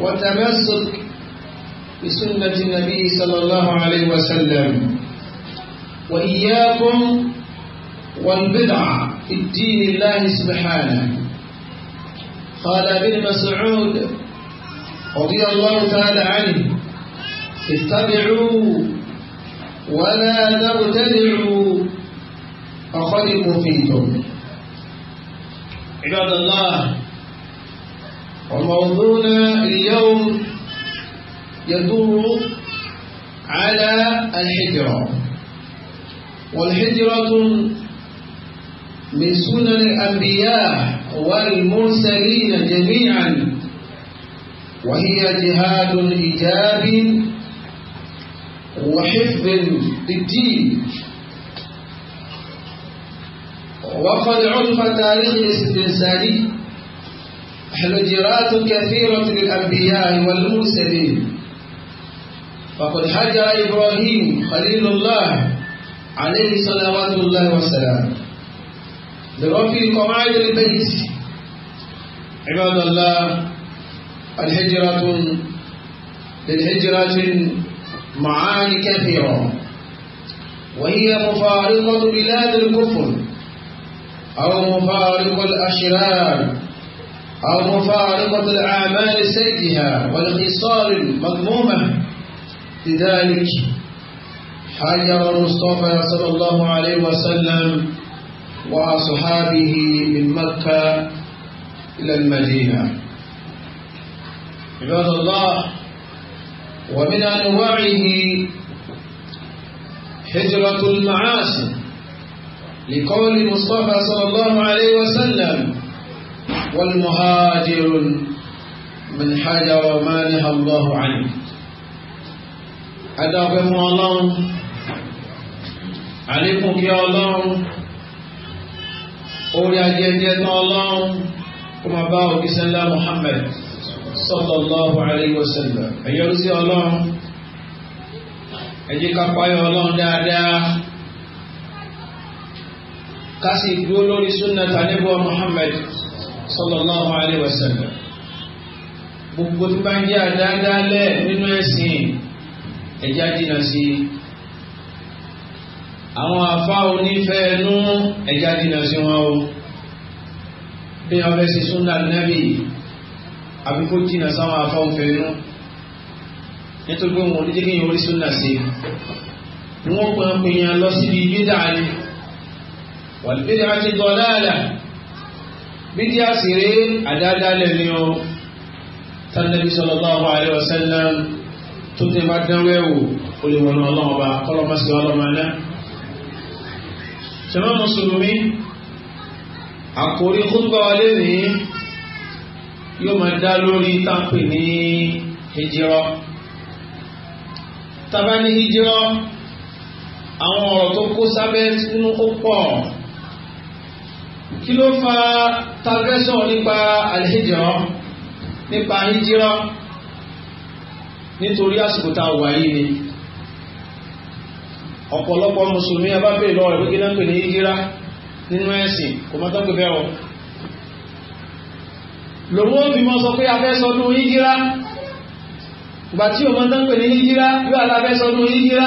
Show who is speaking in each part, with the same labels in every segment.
Speaker 1: وتمسك بسنة النبي صلى الله عليه وسلم وإياكم والبدع في الدين الله سبحانه قال ابن مسعود رضي الله تعالى عنه اتبعوا ولا ترتدعوا فقد فيكم عباد الله وموضوعنا اليوم يدور على الحجرة والحجرة من سنن الأنبياء والمرسلين جميعا وهي جهاد إيجاب وحفظ للدين وقد عرف تاريخ الإنساني حجرات كثيرة للأنبياء والمرسلين فقد هجر إبراهيم خليل الله عليه صلوات الله والسلام لرفي قواعد البيت عباد الله الهجرة للهجرة معاني كثيرة وهي مفارقة بلاد الكفر أو مفارقة الأشرار أو مفارقة الأعمال سيئة والخصال المضمومة لذلك حير المصطفى صلى الله عليه وسلم وأصحابه من مكة إلى المدينة عباد الله ومن أنواعه هجرة المعاصي لقول المصطفى صلى الله عليه وسلم والمهاجر من حجر ما نهى الله عنه أدعو الله عليكم يا الله orí ajẹ́jẹ́ tán ọlọ́run kó máa bá òkísẹ́ ńlá Muhammad sallallahu alaihi wasallam ẹ̀yọ́ sí ọlọ́run ẹ̀jẹ̀ ká páyọ̀ ọlọ́run dáadáa ká sì dúró lórí súnnà tàníbọ̀ Muhammad sallallahu alaihi wasallam gbogbo tó bá ń jẹ́ àdáadáalẹ̀ nínú ẹ̀sìn ẹ̀já jìnnà sí i àwọn afá onífẹ̀ẹ́ nú ẹ̀já jìnnà sí wọn o bí wọn fẹ́ ṣe súnà nẹ́bì àbí kó jìnnà sáwọn afá òfẹ́ nú nítorí pé wọn ò ní jẹ́ kí yẹn orí súnà sí i wọ́n pọ̀ ń lọ síbi bídà ni wal bid'ati dalalah bídí àṣírí àdáadáalẹ̀ ni ó tánàbí sallallahu alaihi wasallam tó ti bá dánwẹ́ wò ó lè wọnà ọlọ́wọ́ bá kọ́lọ́mọ́ sí ọlọ́mọ náà ṣẹ̀mọ́ mùsùlùmí àkórí kútbà wa ni yóò máa dá lórí tápè ní hijira tábà ní hijira àwọn ọ̀rọ̀ tó kó sábẹ́ sínú ó kí ló fa tàbẹ́sọ̀ nípa àlejò nípa hijira nítorí àsìkò tá a wà yìí ni ọ̀pọ̀lọpọ̀ mùsùlùmí abábẹ́ lọ rẹ̀ pé kí náà pè ní hijira nínú ẹ̀sìn kò mọ́ tán pẹ̀fẹ́ wọn lòun ó fi mọ́ sọ pé afẹ́sọdún hijira ìgbà tí òun tán pè ní hijira yóò aláfẹ́sọdún hijira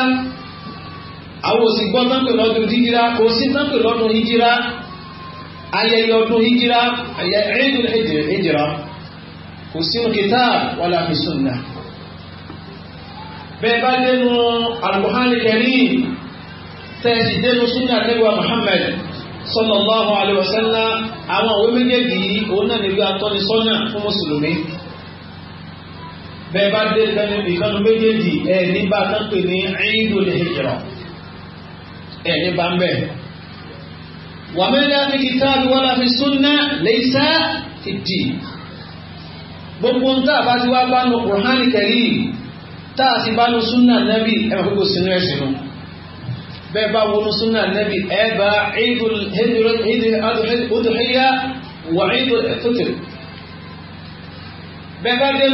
Speaker 1: àwọn òsì gbọ́ tán pè lọ́dún hijira kò sí tán pè lọ́dún hijira ayẹyẹ ọdún hijira ayẹyẹ ẹ̀ẹ́dùn hijira kò sínú kitab wala fi sunnah bẹ́ẹ̀ bá dénú al-Qur'anul Karim tẹ́ẹ̀sì dénú sunnah nígbà Muhammad sallallahu alaihi wasallam àwọn òwe méjèèjì yìí òun náà nílò atọ́nisọ́nà fún mùsùlùmí bẹ́ẹ̀ bá dé lẹ́nu ìkànnì méjèèjì ẹ̀ nígbà tó pè ní ẹ̀ẹ́dùn hijira ẹ̀ nígbà ń ومن لا في الكتاب ولا في السنة ليس في الدين gbogbo ń tàbá ti wá bá nu kùránì kẹrí táà ti bá nu súnà nẹ́bì ẹ máa gbogbo sínú ẹ̀sìn nu bẹ́ẹ̀ bá wọnú súnà nẹ́bì ẹ bá ìdùn ìdíyà wà ìdùn ẹ̀tọ́tẹ̀ bẹ́ẹ̀ bá dé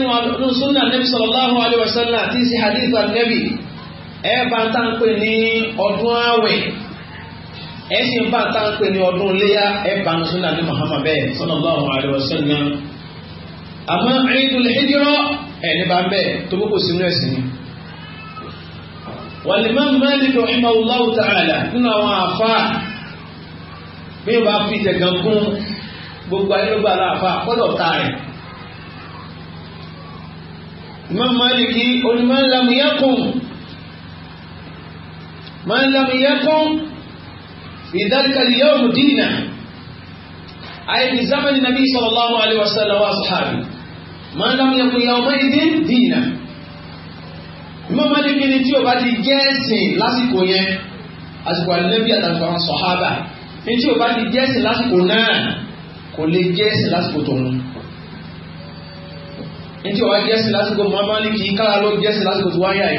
Speaker 1: nu súnà nẹ́bì sallallahu alaihi wasallam tí sí hadith nẹ́bì ẹ bá ń tàn pé ní ọdún àwẹ̀ ẹ̀sìn bá tá à ń ní ọdún léyà ẹ̀ bá ń sunna ní Muhammad bẹ́ẹ̀ sallallahu alaihi wasallam àmọ́ Eidul Hijra ẹ̀ bá ń bẹ́ẹ̀ tó kókò ẹ̀sìn ni. nínú àwọn àfa bí wọ́n bá fi tẹ̀gàn kún gbogbo láàfa kọ́lọ̀ rẹ̀. بذلك اليوم دينا أي في زمن النبي صلى الله عليه وسلم وأصحابه ما لم يكن يومئذ دينا Imam Malik ní tí o bá ti jẹ́ ẹ̀sìn lásìkò yẹn àsìkò àlẹ́bí àtàkùn àwọn sọ̀hábà ní tí o bá ti jẹ́ ẹ̀sìn lásìkò náà kò lè jẹ́ ẹ̀sìn lásìkò tòun ní tí o bá jẹ́ ẹ̀sìn lásìkò Imam Malik kì í kára ló jẹ́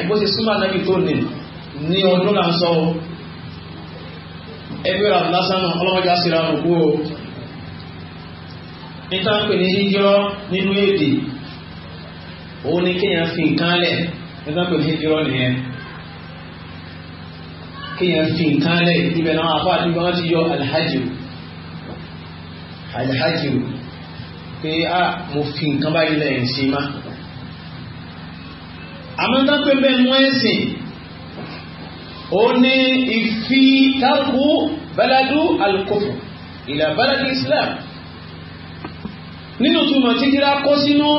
Speaker 1: bó ṣe súnmọ́ ànábì tó nì ní ọdún là sọ ẹgbẹ́ ràn lásánà ọlọ́mọjá síra rùkú o níta ń pè ní hijrọ nínú èdè ni kéèyàn fi nǹkan lẹ̀ níta ń pè na hijrọ nìyẹn kéèyàn fi nǹkan lẹ̀ ibẹ̀ náà àfa àti gbọ́n ti yọ alhaji alhaji a mo fi nǹkan báyìí lẹ́yìn sí ma àmọ́ níta ń baladu alukófò ìlà baladu islam nínú túmọ̀ tí kíra kó sínú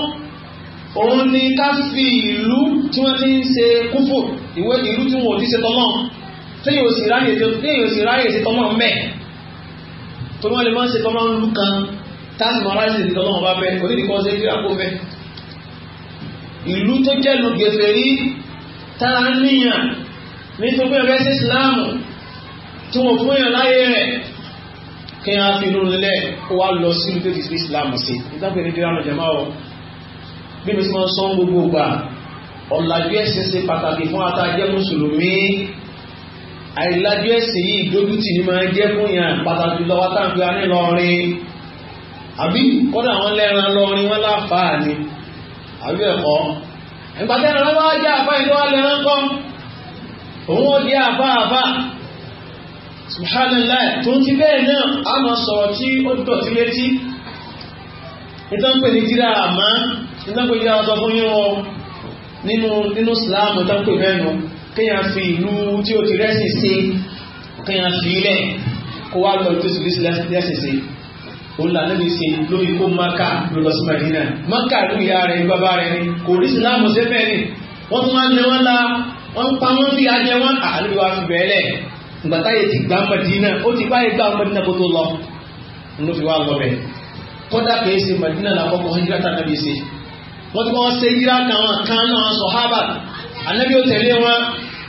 Speaker 1: òun ni ká fi ìlú tí wọ́n ti ń ṣe kúfò ìwé ìlú tí wọ́n ti ṣe tọ́lọ́ téèyàn sì ráyè ṣe tọ́lọ́ mẹ́ tó wọ́n lè máa ń ṣe tọ́lọ́ ń lú kan táàsì máa ráyè ṣe tọ́lọ́ bá bẹ́ onídìkọ́ ṣe kíra kó bẹ́ ìlú tó jẹ́ lu gèfèrí tá a níyàn nítorí pé ọ̀rẹ́ sí ìsìláàmù tí wọ́n fún yàn láyé rẹ̀ kí wọ́n á fi inú lẹ̀ ó wá lọ sí ìlú tó Islam sí ìtàkùn ìdílé àwọn jama o bí mi sì máa ń sọ gbogbo gbà ọ̀làjú ẹ̀sìn ṣe pàtàkì fún atajẹ́ mùsùlùmí àìlájú ẹ̀sìn yìí dójútì ní máa jẹ́ fún yàn pàtàkì lọ́wọ́ táǹkì wa ní lọ́rin àbí kọ́dà wọn lẹ́ran lọ́rin wọn láǹfààní àbí ẹ̀kọ́ ìgbàdẹ́ràn wọn wá jẹ́ àfáà ìlú wa subhanallah tó ti bẹ́ẹ̀ náà a máa sọ̀rọ̀ tí ó dọ̀tí létí ìtànpẹ̀ ní tíra àmá ìtànpẹ̀ tíra sọ fún yíò nínú nínú islam ìtànpẹ̀ mẹ́nu kíyàn fi ìlú tí ó ti rẹ́sì sí kíyàn fi ilẹ̀ kó wá lọ tó sì rẹ́sì sí òun lànàbí se lórí kó maka lọ sí madina maka ló ìyá rẹ̀ ní bàbá rẹ̀ ní kò rí islam sẹ́fẹ̀ẹ́ ni wọ́n tún wá ń lé wọn la wọ́n pa wọ́n fi ajẹ́ wọn àlùbí fi bẹ́ẹ̀ lẹ̀ gbàtà yẹ ti gbà Madina ó ti báyìí gbà Madina kó tó lọ ló fi wá lọ bẹ kódà kìí ṣe Madina làkọ́kọ́ hijira tá a nàbí ṣe wọ́n ti wọ́n ṣe hijira kan kan náà sọ̀hábà anabi ó tẹ̀lé wọn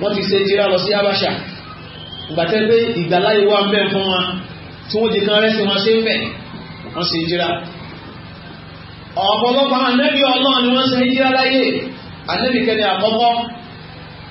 Speaker 1: wọ́n ti ṣe hijira lọ sí Abasha gbàtẹ́ pé ìgbàláyé wà ń fún wa tí wọ́n di kan rẹ́sì wọn ṣe ń bẹ̀ wọ́n ṣe hijira ọ̀pọ̀lọpọ̀ anabi ọlọ́run ni wọ́n ṣe hijira láyé anabi kẹ́ni àkọ́kọ́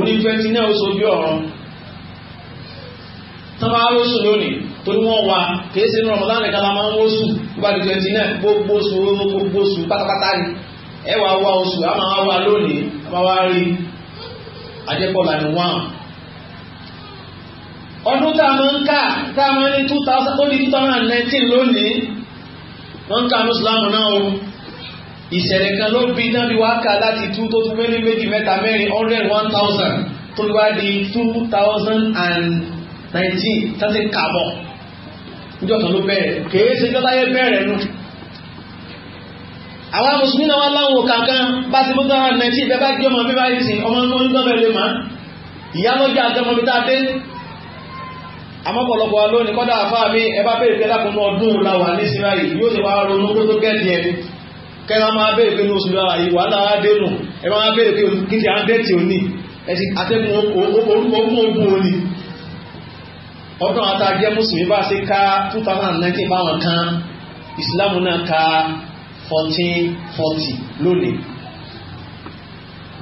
Speaker 1: onífẹ́ntì náà ó sojú ọ̀rọ̀ tán bá lónìí torí wọ́n wà kìí ní ọmọdé àlẹ́ kala ń nígbà tí twenty nine gbogbo oṣù gbogbo oṣù pátápátá ni ẹ wàá wá oṣù a máa wá lónìí a wà rí ajẹ́pọ̀lá ni wọ́n ọdún tá a máa ń kà a máa ní two thousand ó di two thousand and nineteen lónìí wọ́n ń ìṣẹ̀lẹ̀ kan ló bí náà bí wá ká láti tú tó tún mẹ́rin méjì mẹ́ta mẹ́rin hundred one thousand tó wá di two thousand and nineteen tàbí kàbọ̀ níjọ́ kan ló bẹ̀rẹ̀ kèé ṣe jọ́ láyé bẹ̀rẹ̀ nù. àwọn mùsùlùmí náà wá láwọn kankan bá ti bóta one nineteen bẹ́ẹ̀ bá jẹ́ ọmọ bíbá yìí sìn ọmọ ní onígbọ́n bẹ́ẹ̀ lè má ìyá lọ́jà àtẹmọ bí tá a dé. àmọ́ pọ̀lọpọ̀ lónìí kọ́dà àfáà mi ẹ bá bẹ̀rẹ̀ pé lákòókò ọdún làwà ní sinmi yóò ṣe wá ronú kó tó gẹ̀ẹ́dì ẹni. kẹ́lá máa bèèrè pé ní oṣù lára yìí wà lára dẹ́nù ẹ máa bèèrè pé kí ti àndẹ́tì ò ẹ̀sì àtẹ́kùn ogun òní ọdún àtàjẹ́ mùsùlùmí bá ṣe ká 2019 báwọn kan ìsìláàmù náà ká 1440 lónìí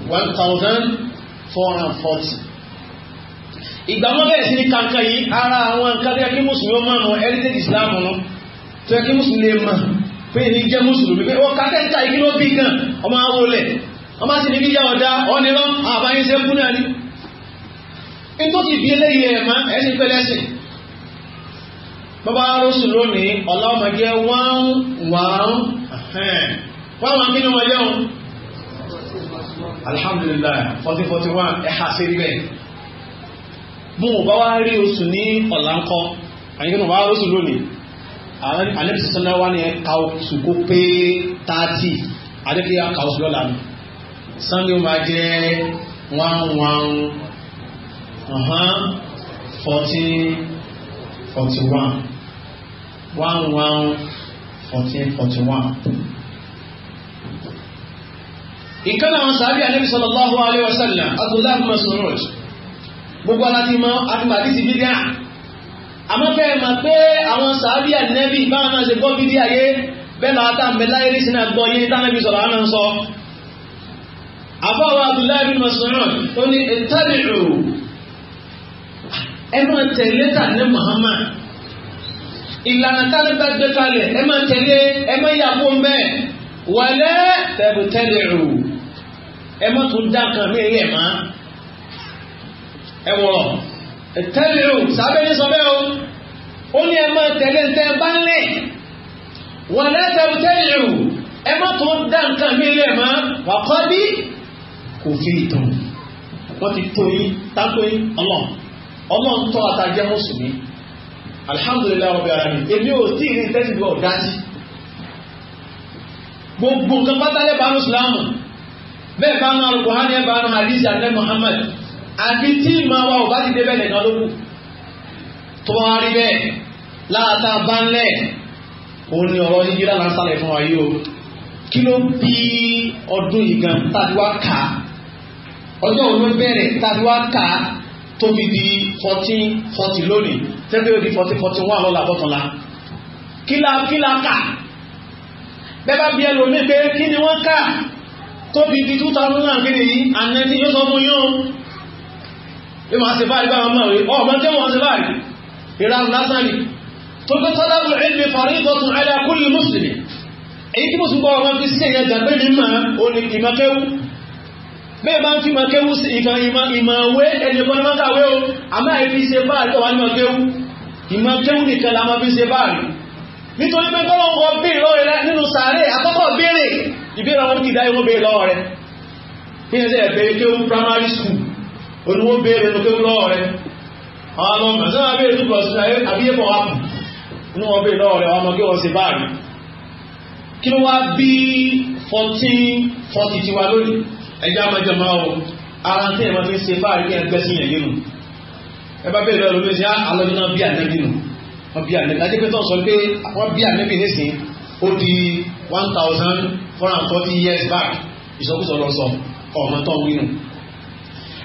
Speaker 1: 1440 ìgbà wọn kankan yìí ara àwọn nǹkan tó yẹ kí mùsùlùmí ó islam mùsùlùmí lè mọ̀ pé ní jẹ́ mùsùlùmí pé wọ́n kàtẹ́kà igi ló bí gan ọmọ awolẹ̀ ọmọ sì ní bíyà ọ̀dá ọ̀nìrán àbáyé ṣe kú náà ní. nítorí bí eléyìí ẹ̀ máa ẹ̀sìn pẹ́lẹ́sìn bàbá arúsù lónìí ọlọ́mọdé wọ́n wọ́n wọ́n wọ́n kí ni wọ́n jẹun alhamdulillah fourteen forty one ẹ̀ha sí rí bẹ́ẹ̀ mo bá wá rí oṣù ní ọ̀làńkọ́ àyíkẹ́ mo bá arúsù lónìí alẹ́bìsí sọ́nà wà ní ẹ̀ka òsùkó pé tààtì adékèyà ká oṣù lọ́la mi sunday ó máa jẹ́ one one uh-huh, fourteen forty one one one fourteen forty one. ìkan àwọn sàbí alẹ́bìsí sallallahu alaihi wasallam Abdullahi Mas'ud gbogbo aláti mọ́ àti màdìsí bídíà àmọ́kẹ́ ma pé àwọn sàábí ànẹ́bí báwọn náà ṣe gbọ́ bí dí ayé bẹ́ẹ̀ láta mẹ́láyé rí sínú àgbọ̀ yé tánàbí sọ̀rọ̀ àná sọ àbáwọ̀ Abdullahi bin Mas'ud ó ní ìtàbílù ẹ máa tẹ̀lé tàní Muhammad ìlànà tánàbá gbé kalẹ̀ ẹ máa tẹ̀lé ẹ máa yà kó mẹ́ wàlẹ́ tẹ̀bùtẹ̀lù ẹ má tún dá kan mí rí ẹ̀ má ẹ wọ̀ tẹ́lẹ̀rù sábẹ́ni sọ bẹ́ẹ̀ o ó ní ẹ máa tẹ̀lé ń tẹ́ bá ń lẹ̀ wọ́n lẹ́tẹ̀rù tẹ́lẹ̀rù ẹ má tó ń dá nǹkan mi lẹ̀ mọ́ wà kọ́ bí kò fi ìtàn wọ́n ti tó yín tápé ọlọ́n ọlọ́n tọ́ àtàjẹ́ mùsùlùmí alihamudulilayi ọbẹ̀ ara mi èmi ò tí ì rí tẹ́lẹ̀rù ọ̀dá sí gbogbo nǹkan pátálẹ̀ bá ní ìsìlámù bẹ́ẹ̀ bá ní alùpùpù hàn Muhammad àti tí ìmọ̀ wa ò bá ti débẹ̀ nìkan ló kù tó bá wá rí bẹ́ẹ̀ láàtà bá ń lẹ̀ ó ní ọ̀rọ̀ yíyí lára sálẹ̀ fún wa yìí o kí ló bí ọdún yìí gan tàbí wá kà á ọjọ́ òun ló bẹ̀rẹ̀ tàbí wá kà á tóbi di fourteen forty lónìí tẹ́lẹ̀ yóò di fourteen forty one lọ́la bọ́tọ̀la kílá kílá kà bẹ́ẹ̀ bá bí ẹlòmíì pé kí ni wọ́n kà tóbi di two thousand and three àná tí yóò sọ fún yóò bí ma ṣe báyìí bá ma rí ọmọ tí wọ́n ṣe báyìí ìran lásán ni tó gbé tọ́lábù ilmi faridatun ala kulli mùsùlùmí èyí tí mùsùlùmí ọmọ fi sí ẹ̀yẹ jàgbé ní ma o ní ìmọ̀kéwú bẹ́ẹ̀ bá ń fi mọ̀kéwú sí ìkan ìmọ̀wé ẹni kan máa kàwé o àmọ́ èyí fi ṣe báyìí tó wà ní mọ̀kéwú ìmọ̀kéwú nìkan la máa fi ṣe báyìí nítorí pé kọ́lọ́ wọn béèrè lọ́rẹ̀ rẹ nínú olùwó béèrè ló kéwú lọ́wọ́ rẹ̀ àwọn ọmọ mẹ́sàn án béèrè túbọ̀ sí ayé àbíyẹ́bọ̀ wà kù inú wọn béèrè lọ́wọ́ rẹ̀ àwọn ọmọ gé wọn ṣe báàrí kí ló wá bí fourteen forty tiwa lónìí ẹjẹ́ àmọ́jọ́mọ́ ọ ara tí ẹ̀mọ́ fi ń ṣe báàrí kí ẹ gbẹ́ sí yẹn nínú ẹ bá béèrè lọ́wọ́ lónìí sí alọ́jọ́ náà bí ànẹ́bí nù wọ́n bí ànẹ́bí láti pé tó sọ pé wọ́n bí ànẹ́bí nísìnyí ó di one thousand four hundred forty years back ìsọkúsọ lọ sọ ọmọ tó ń wí nù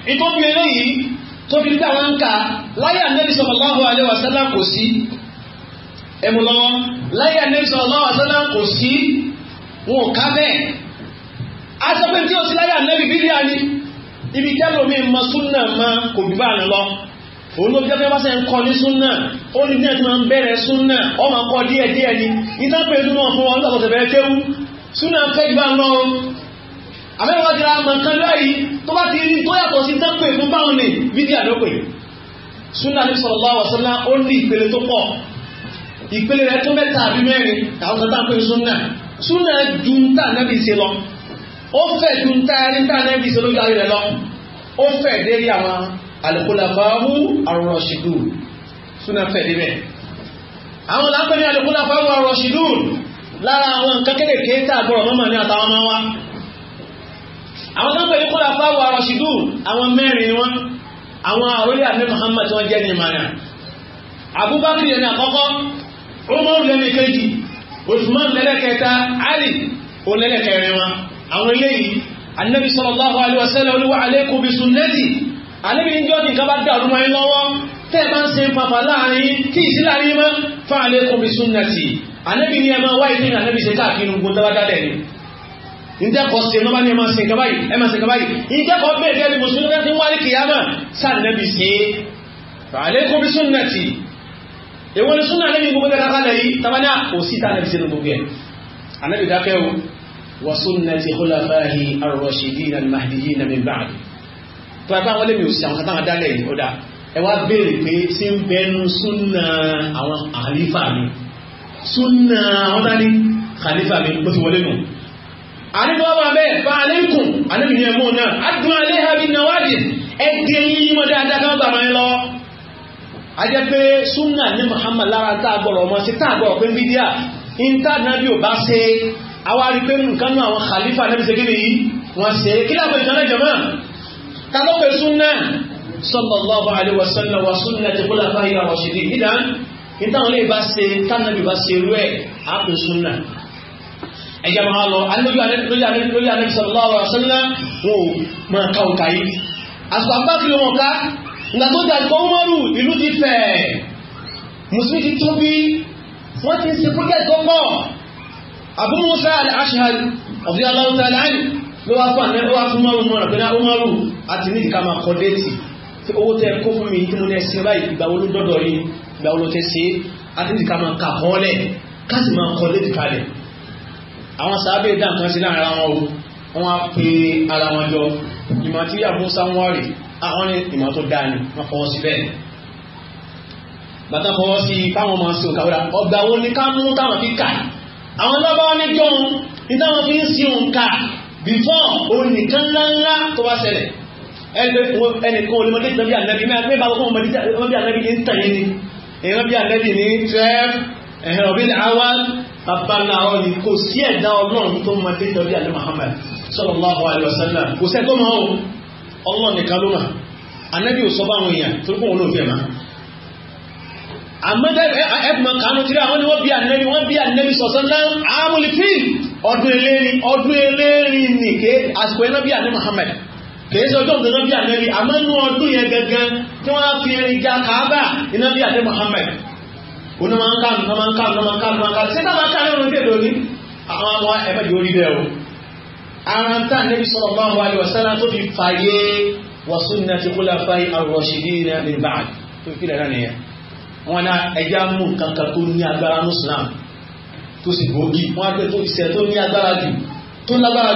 Speaker 1: ìtọ́jú eléyìí tó fi gbà wọn ká láyé ànẹ́bí sallallahu alaihi wasallam kò sí ẹ̀mú lọ́wọ́ láyé ànẹ́bí sallallahu kò sí wọn ò ká bẹ́ẹ̀ a sọ pé tí o sí láyé ànẹ́bí bíríà ni ibi tẹ́lómi ma súnà ma kò bí bá lọ òun ló jẹ́ pé bá ń kọ ní súnà ó ní díẹ̀ ọ ma àmẹ́rin wájú ra mọ̀ nǹkan lẹ́yìn tó bá ti rí tó yàtọ̀ sí tẹ́pẹ̀ fún báwọn ní bídí àdọ́pẹ̀ súnà ní sallallahu alaihi wasallam ó ní ìpele tó pọ̀ ìpele rẹ̀ tó mẹ́ta àbí mẹ́rin àwọn kan táwọn pé súnà súnà ju ń tà nẹ́bí ṣe lọ ó fẹ́ ju ń tà ẹni tà nẹ́bí ṣe ní al-khulafa'u ar-rashidun lára àwọn nǹkan kéékèèké tá àgbọ̀rọ̀ ní àtàwọn ọmọ wa àwọn tó ń pè ní kọ́lá fáwọn arọ̀ṣìdù àwọn mẹ́rin ni wọ́n àwọn àrólé àti Muhammad tí wọ́n jẹ́ ní ìmọ̀ràn Abubakar yẹn ní àkọ́kọ́ Umar lẹ́nu kejì Usman lẹ́lẹ́kẹta Ali olẹ́lẹ́kẹrin wọn àwọn eléyìí anabi sallallahu alaihi wasallam olúwa alaikum bi sunnati anabi ń jọ́ nìkan bá dà ọdún wáyé lọ́wọ́ tẹ́ bá ń ṣe pàpà ni ẹ máa wáyé nínú anabi ṣe káàkiri gbogbo ìjẹ́kọ̀ọ́ sí ẹnọ́bá ní ẹmà sí ìkàbáyì ẹmà sí ìkàbáyì ìjẹ́kọ̀ọ́ bèèrè gẹ́gẹ́ mùsùlùmí tí wá ní kìyàmà sáàdínẹ́bì sí fàálẹ́kọ́ bí súnnàtì èwọ́n ni súnnà lẹ́yìn gbogbo dára kalẹ̀ yìí tàbí kò sí tàbí sí gbogbo ẹ̀ anábì dákẹ́ o wà súnnàtì khulafaihi ar-rashidin al-mahdiyyin min ba'd tó ẹgbà wọn lè mi ò sí àwọn kátàwọn tí ń bẹnu súnnà àwọn àlífà mi súnnà àwọn dání khalifa mi àníbọ́bà bẹ́ẹ̀ bá aléìkùn anábìnrin ẹ̀mú náà adùn aléhàbí nawadi ẹgbẹ́ yìí mọ́ dáadáa kan gbà máa lọ ajẹ́ pé súnà ní Muhammad lára táàgbọ̀rọ̀ ọmọ sí táàgbọ̀rọ̀ pé bídíà intanẹ́bí ò bá ṣe awárí pé nǹkan náà àwọn khalifa náà ṣe kíni yìí wọ́n ṣe kí lápẹ̀ ìtànà jẹ̀mọ́ ta ló pe súnà sallallahu alaihi wasallam wa súnà ẹ̀jẹ̀ máa lọ alójú lórí Ànábì sallallahu alaihi wasallam wọn ò máa ká òkà yìí àsùpà bá kiri wọn ká ìgbà tó dà kọ́ mọ́rù ìlú ti fẹ̀ mùsùlùmí ti tóbi wọ́n ti ń ṣe project tó pọ̀ Abu Musa al-Ash'ari radiyallahu ta'ala anhu ló wá fún àmẹ́ló wá fún mọ́rún mọ́rún pẹ̀lú ọmọrù àti ní ìka máa kọ déètì tí owó tẹ kó fún mi tí mo ní ẹsẹ báyìí ìgbà wo ló dọ́dọ̀ yìí ìgbà àwọn sábẹ́ dá nǹkan sí láàrin ara wọn o wọ́n á pe ara wọn jọ ìmọ̀ tí àbú samuari àwọn ìmọ̀ tó dáa ni wọ́n fọwọ́ sí bẹ́ẹ̀ bàtà fọwọ́ sí fáwọn ọmọ sí òkàwé ọgbà wo ni ká mú táwọn fi kà àwọn lọ́bàá ní jọun ní táwọn fi ń sí òǹkà before onìkan ńláńlá tó bá ṣẹlẹ̀ ẹnìkan olùmọdé ìtàn bí ànábì mẹ́ta mẹ́ta kọ́ ni èèyàn bí ní twelve ẹ̀hìn ọ̀bí bàbá náà ọ ni kò sí ẹ̀dá ọlọ́run tó mọ dé lọ bí alẹ́ Muhammad sallallahu alaihi wasallam kò sẹ́ tó máa ń ọlọ́run nìkan ló mà ànábì ò sọ bá àwọn èèyàn tó kún òun ló fi ẹ̀ máa àmọ́dá ẹ̀kùnmọ̀ kanú tí àwọn ni wọ́n bí ànẹ́bí wọ́n bí ànẹ́bí sọ̀sán náà àmúlì tí ọdún elérin ọdún elérin ní ké àsìkò iná Muhammad kèé sí ọjọ́ ìdáná bí ànẹ́bí àmọ́nú ọdún yẹn gẹ́gẹ́ tí wọ́n fi ẹrin já Kaaba iná bí ànẹ́ Muhammad oní máa ń kánù náà máa ń kánù náà máa ń kánù náà máa ń kánù sí náà máa ń kánù lórí kéde òní àwọn ọmọ ẹ̀fẹ́ yóò rí bẹ́ẹ̀ o ara ń tàn níbi sọ̀rọ̀ bá wà lọ sẹ́lá tó fi fàyè wọ̀sùn náà ti kúlà fàyè àrọ̀ṣìdì náà lè bá tó fi rẹ̀ náà nìyẹn wọn náà ẹja mú kankan tó ní agbára muslim tó sì gbòógì wọn á tó ìṣẹ́ tó ní agbára jù tó lágbára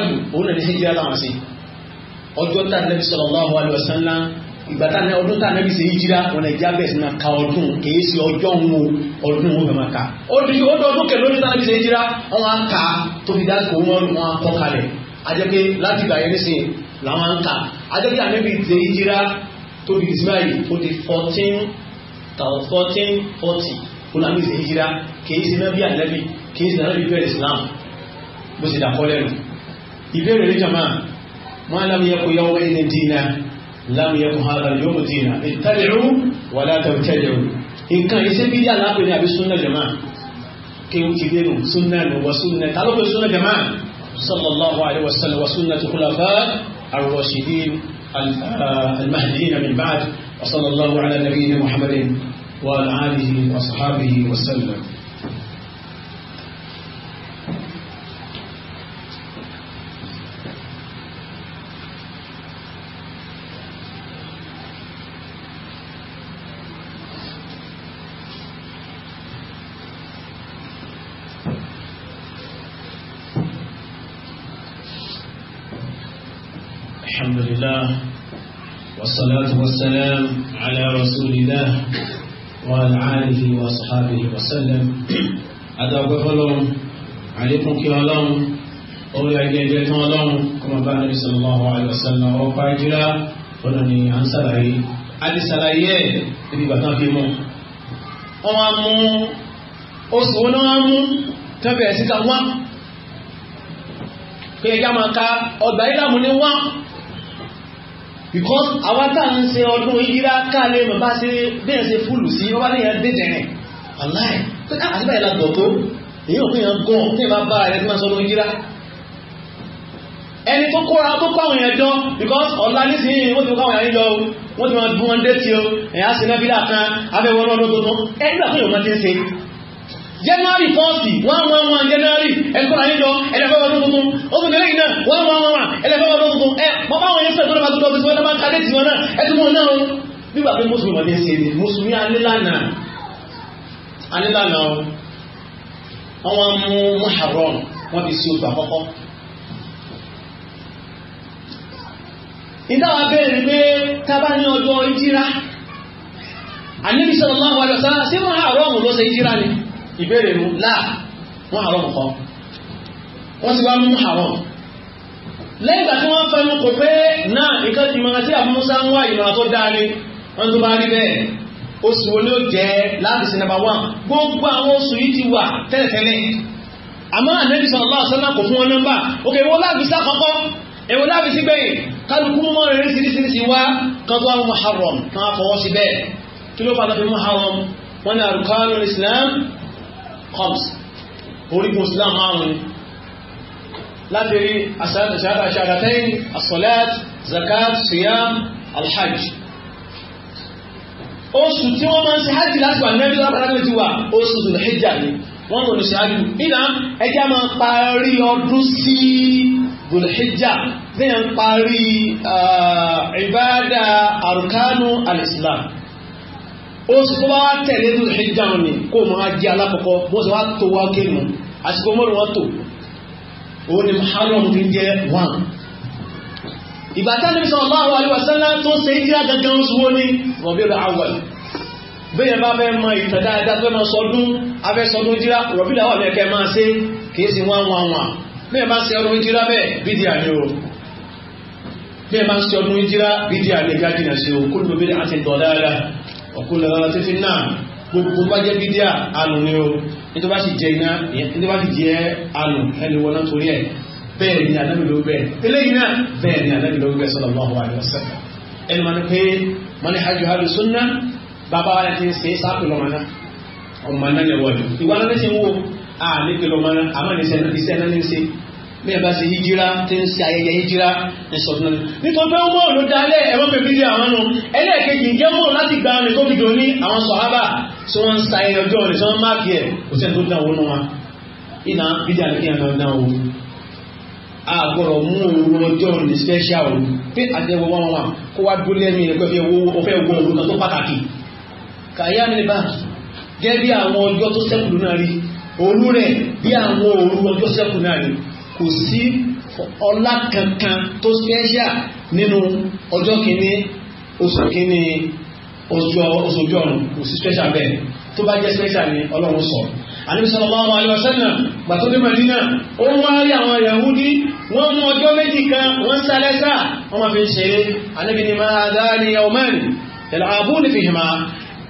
Speaker 1: jù òun náà ní ìgbàtà ọdún tàà nẹ́bí ṣe ìjírá ọ̀nà ìjábẹ̀ sí ma ka ọdún kìí sí ọjọ́ wo ọdún wo bẹ̀mà ká ọdún kẹlẹ́ ọdún tàà nẹ́bí ṣe ìjírá wọn á ka tó fi dá kó wọn wọn kọ́ kalẹ̀ ajẹ́pẹ́ láti ìgbà yẹn nísìn làwọn á ka ajẹ́pẹ́ ànẹ́bí ṣe ìjírá tó fi sí báyìí ó di fourteen fourteen forty ó nàbí ṣe ìjírá kìí sí nẹ́bí ànẹ́bí kìí sí nẹ́bí bẹ́ẹ̀ Islam bó ṣe dàkọ́ lẹ́nu ìbéèrè níjàmá mọ́ لم يكن هذا اليوم دينا اتبعوا ولا تبتدعوا ان كان يسبي دي الله بني ابي سنه جماعه كي يمتدينوا سنه وسنه قالوا السنة جماعه صلى الله عليه وسلم وسنه خلفاء الراشدين آه، المهديين من بعد وصلى الله على نبينا محمد وعلى اله وصحبه وسلم الحمد لله والصلاة والسلام على رسول الله وعلى آله وأصحابه وسلم أدعو بفلهم عليكم كلام أولي عجيجة الله كما بان النبي صلى الله عليه وسلم وقاجلا فلني عن سلعي علي سلعي ibi bàtán fi mú wọn wá mú oṣù wọn wá mú tẹ́bẹ̀ẹ́ síta wá pé ẹjá because àwọn tá à ń ṣe ọdún ìdíra káàlẹ̀ bàbá ṣe bẹ́ẹ̀ ṣe fúlù sí ọba ní ìyẹn déjẹ̀rẹ̀ aláì ah, àti báyìí lágbọ̀ tó èyí ò pé yẹn gọ̀ tí yẹn bá bá ara rẹ̀ tí wọ́n sọ ọdún ìdíra ẹni tó kóra tó pàwọn èèyàn jọ because ọ̀la nísìnyí wọ́n ti mú káwọn èèyàn jọ o wọ́n ti mú wọn dé tí o ẹ̀yà sí nábìlà kan abẹ́wọ́n lọ́dún tuntun ẹgbẹ́ àkóyọ̀ máa ti ń ṣe january first one one one january ẹ̀kọ́ ayé lọ ẹ̀lẹ́fẹ́ ọdún tuntun oṣù tẹ́lẹ̀ yìí náà one one one ẹ̀lẹ́fẹ́ ọdún tuntun ẹ̀ mọ́ bá wọn yẹn sẹ́ẹ̀ tó lọ́ba tuntun ọ̀sẹ̀ wọn kálẹ̀ tí wọn náà ẹ̀ tí wọn náà nígbà pé mùsùlùmí ọdún ṣe ni mùsùlùmí alílànà alílànà wọn wọn mú muharram wọn fi sí oṣù àkọ́kọ́. ìdáwà bẹ́ẹ̀ ni pé tábà ní ọjọ́ ìjírá àníbi sọ̀rọ̀ máa wà lọ sára sí ni ìbéèrè mu láà wọ́n haram kọ́ wọ́n sì wá mú haram lẹ́yìn ìgbà tí wọ́n fẹnu kò pé náà nǹkan ìmọ̀ràn tí àbúrò sá ń wá ìmọ̀ràn tó dáa ni wọ́n tó bá rí bẹ́ẹ̀ oṣù wo ni ó jẹ́ láti sí nàbà wán gbogbo àwọn oṣù yìí ti wà tẹ́lẹ̀tẹ́lẹ̀ àmọ́ ànẹ́bí sọ̀rọ̀ bá ọ̀sán náà kò fún wọn nọ́mbà òkè wo láàbí sá kọ́kọ́ èwo láàbí sí gbẹ̀yìn kálukú mọ́ rẹ̀ rí sírísírísí wá kan tó àwọn muharram kan fọwọ́ sí bẹ́ẹ̀ kí ló fà lọ́fi muharram wọn ni àrùkánù islam khams orígun islam márùn láti rí aṣáàdàtẹ́yìn asọ́lẹ́t zakat siyam alhajj oṣù tí wọ́n máa ń ṣe hajj láti wà nẹ́bí lápàdánlẹ̀ ti wà oṣù zulhijjá ni wọ́n lò ní ṣáájú nígbà ẹjá máa parí ọdún sí zulhijjá lẹ́yìn parí ah, ìbádà àrùkánú alìsìláàmù oṣù tó bá tẹ̀lé tó ṣe jáun ni kó máa jẹ́ alákọ̀ọ́kọ́ bó ṣe wá tó wá kéèmù àsìkò mọ́rù wọn ni muharram fi wan wọn ìgbà tẹ́lẹ̀ bí sallallahu alaihi wasallam tó ṣe é jíra gangan ni Rabiul Awwal bẹ́ẹ̀ bá fẹ́ mọ ìtàn dáadáa fẹ́ mọ sọdún afẹ́ sọdún jíra Rabiul Awwal kẹ́ ke ṣe kìí sí wọn wọn wọn bẹ́ẹ̀ o o ọ̀kúnlẹ̀ lọ́la títí náà gbogbo bá jẹ́ bídíà alù ni o nítorí bá sì jẹ iná nítorí bá sì jẹ alù ẹni wọná torí ẹ̀ bẹ́ẹ̀ ni ànábì ló bẹ́ẹ̀ eléyìí náà bẹ́ẹ̀ ni ànábì ló bẹ́ẹ̀ sallallahu alaihi wasallam ẹni máa ń pé manhaju ahlu sunna bàbá wa ti ń ṣe sáàpì lọ́mọ náà ọmọ náà lẹ́wọ́ ìwà náà ti ń wo àlejò lọ́mọ náà àmọ́ ìṣẹ́ náà ní ṣe bí ẹ bá ṣe hijira tí ń ṣe ayẹyẹ hijira ní sọdún nítorí pé ọmọ òun dalẹ ẹwọn bèbí rí àwọn nù ẹlẹ́ẹ̀kejì jẹ mọ láti gba ọrùn tó fi dò ní àwọn sọhábà tí wọn ń sa ẹyẹ ọjọ́ rẹ tí wọn má bí kò sẹ́ni tó dán owó nù wọn bídí àlùkí ẹnu ọdán owó àgbọrọ mú òun ọjọ́ rẹ special o pé àtẹwọ wọn wà kó wá dúró lẹ́mí rẹ pé ọfẹ wọ òun kan tó pàtàkì kàyà ní báàkì gẹ́gẹ́ bí àwọn ọjọ́ tó sẹ́kù kò sí ọlá kankan tó special nínú ọjọ́ kìíní oṣù kìíní oṣù ọjọ́ ọ̀run kò sí special bẹ́ẹ̀ tó bá jẹ́ special ni ọlọ́run sọ Ànábì sallallahu alaihi wasallam gbàtó ní Madina ó wá rí àwọn Yahudi wọ́n mú ọjọ́ méjì kan wọ́n sálẹ́ sá wọ́n máa fi ń ṣeré Ànábì ní máa dá ní yawman yal'abuna fihima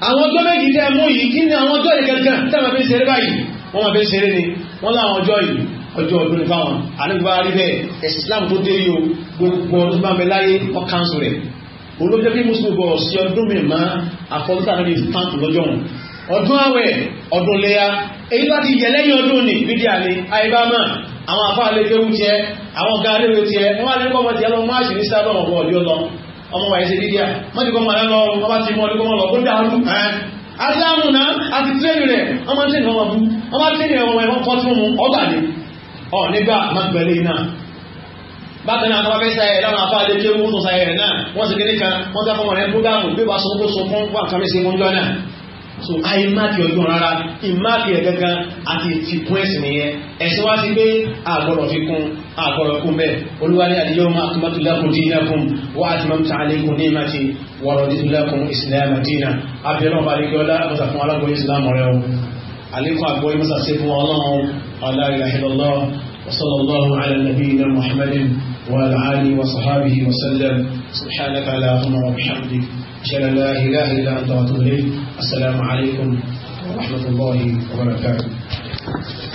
Speaker 1: àwọn ọjọ́ méjì tẹ́ mú yìí kí ni àwọn ọjọ́ yìí kankan tẹ́ máa fi ń ṣeré báyìí wọ́n máa fi ń ṣeré ni wọ́n láwọn ọjọ́ yìí ọjọ́ ọdún fáwọn àníbá bẹ́ẹ̀ islam tó dé yìí o gbogbo ọdún bá ń bẹ láyé ọkànṣu rẹ̀ olóòjẹ́ bí mùsùlùmí bọ̀ sí ọdún mi mọ́ àfọ́nsá lórí stampu lọ́jọ́ òun ọdún àwẹ̀ ọdún léyà èyí láti yẹ lẹ́yìn ọdún ní fídíà ní àìbámà àwọn afáà lè gbé wútiẹ àwọn ọ̀gá lè wútiẹ wọn á lè kọ́ ọmọ tiẹ lọ máàṣì ní sábà ọ̀pọ̀ ọ̀dí ọlọ ọmọ wa ẹsẹ dídíà wọn ti kọ́ ọmọ lọ wọn bá ti mú ọdún kọ́ ọmọ lọ kó dàrú ẹ aláàmù náà àti tírẹ́nì rẹ̀ ọmọ tírẹ́nì ọmọ bú ọmọ tírẹ́nì ọmọ ẹ̀wọ̀n kọ́ tí wọ́n mú ọgbà ni ọ̀ nígbà mọ́tìmẹ̀lé náà bákan náà tọ́wọ́ fẹ́ sáyẹ̀ láwọn afá alẹ́ kí wọ́n tó sáyẹ̀ rẹ̀ náà wọ́n sì kí níkan wọ́n tẹ́ fún ọ̀rẹ́ wà so àì máàkì ọdún rárá ìmáàkì ẹ̀ gangan àti ìfikún ẹ̀sìn nìyẹn ẹ̀sìn wá sí pé àgbọ̀rọ̀ fi kún àgbọ̀rọ̀ kún bẹ́ẹ̀ olúwa ní àdìyẹ́ ọmọ akimatu lakum dinakum wa atmamtu alaykum ni'mati wa raditu lakum islam عليك فاك بوي مسا سيكو الله قال إله إلا الله وصلى الله على نبينا محمد وعلى آله وصحابه وسلم سبحانك على اللهم وبحمدك أشهد أن لا إله إلا أنت أتوب إليك السلام عليكم ورحمة الله وبركاته